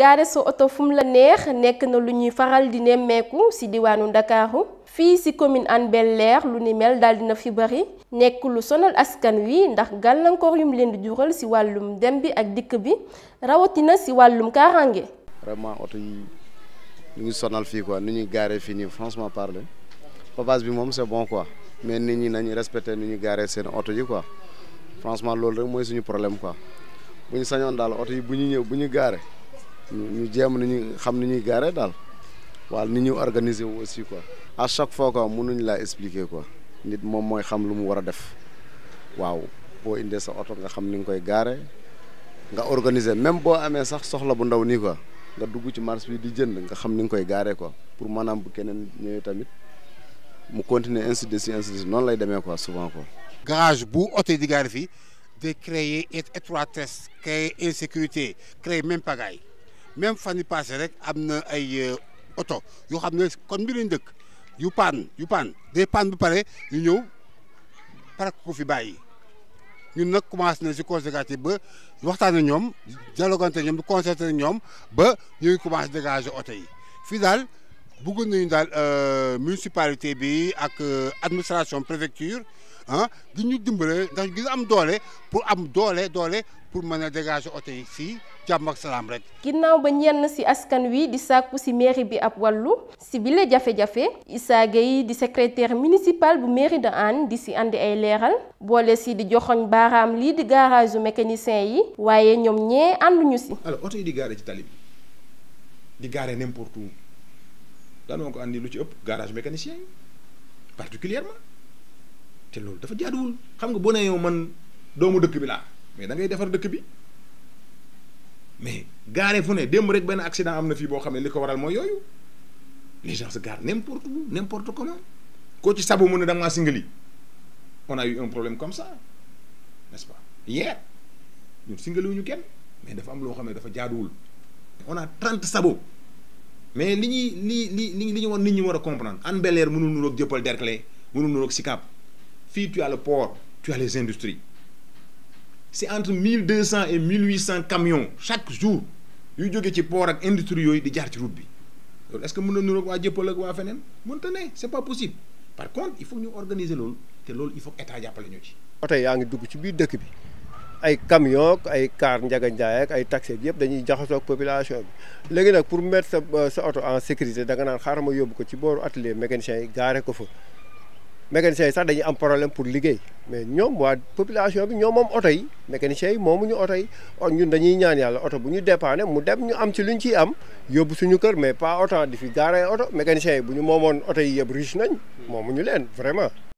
gaare so auto fum la neex nek na lu ñuy faral di nemeku ci diwanu ndakaaru fi ci commune Hann bel lu ni mel dal dina fi bari nek lu sonal askan wi ndax galankor yum leen di jural ci walum dem bi ak dikk bi rawatina ci walum kaaraange. vraiment auto yi ñu sonal fi quoi nu ñuy gaaree fii nii franchement parler papas bi mom c'est bon quoi mais nit ñi nañu respecter nu ñuy gaaree seen auto yi quoi franchement lool rek moy suñu problème quoi buñu sañon dal auto yi buñu ñew buñu bu nous jéem nous xam ni ñuy dal nous ni organiser wu aussi quoi à chaque fois quoi mënuñ l'a expliquer quoi nit moom mooy xam lu mu war def waaw boo indee sa oto nga xam ni nga koy gaare nga organiser même pour amener sax soxla bu ndaw nii quoi nga dugg ci marché bi di jënd nga xam ni nga koy gaaree quoi pour maanaam bu keneen ñëwee tamit mu continuons ainsi de suite ainsi de suite noonu lay demee quoi souvent quoi. garage bu hôtel di gaare fii de créer étroitesse créer insécurité créer même pagaille même fan passé rek amna ay auto euh, des xamné ne kon bi lañ dëkk yu paan yu paan des paan bu paré ñu ñëw parak ko fi ñun commencé na si conseil quartier ba waxtaan ak ñom dialogante ñoom ba ñuy commencé dégager auto yi dal euh, municipalité bi euh, administration préfecture ah di ñu dimbale ndax gis am doole pour am doole doole pour mën a dégager oto yi fii jàmm ak salaam rek. ginnaaw ba ñenn si askan wi di sàkku si mairie bi ab wàllu si bile jafe-jafe Issa Gueye di secrétaire municipal bu mairie de Hann di si andi ay leeral boole si di joxoñ baram lii di garage mécanicien yi waaye ñoom ñee ànduñu si. alors oto yi di gaare ci tali bi di gaare n'importe où daanoo ko andi lu ci ëpp garage mécanicien particulièrement te loolu dafa jaaduwul xam nga boo ne yow man doomu dëkk bi laa mais da ngay defar dëkk bi mais gaare fu ne démb rek ben accident na fii boo xam ne li ko waral mooy yooyu les gens se garent n'importe où n'importe comment koo ci sabu mu ne da nga maa singali on a eu un problème comme ça n'est-ce pas hier ñun singaliwuñu kenn mais dafa am loo xam dafa jaaduwul on a trente sabots mais li ñuy li li li ñu war nit ñi war comprendre Hann Bel-Air mënul nuroog jëppal Derklé Fille, tu as le port, tu as les industries. C'est entre 1200 et 1800 camions chaque jour yu jóge ci port ak industrie yooyu di jaar ci route bi loolu est-ce que mën na nuroog waa jëppal ak waa feneen mënta ne c'est pas possible par contre il faut ñu organiser loolu te loolu il faut que état jàppale ñu ci. oto yaa ngi dugg ci biir dëkk bi ay camion ak ay car njaga njaay ak ay taxi yëpp dañuy jaxasoo ak population bi léegi nag pour mettre sa euh, sa oto en sécurité da nga naan xaaral ma yóbbu ko ci booru atelier mécanicien yi gaare ko fa. mécaniciens yi sax dañuy am problème pour liggéey mais ñoom waa population bi ñoom moom oto yi mécaniciens yi moomuñu oto yi ñun dañuy ñaan yàlla oto bu ñu dépanne mu dem ñu am ci luñ ciy am yóbbu suñu kër mais pas autant di fi gaaree oto mécaniciens yi bu ñu moomoon oto yi yëpp riche nañ moomuñu leen vraiment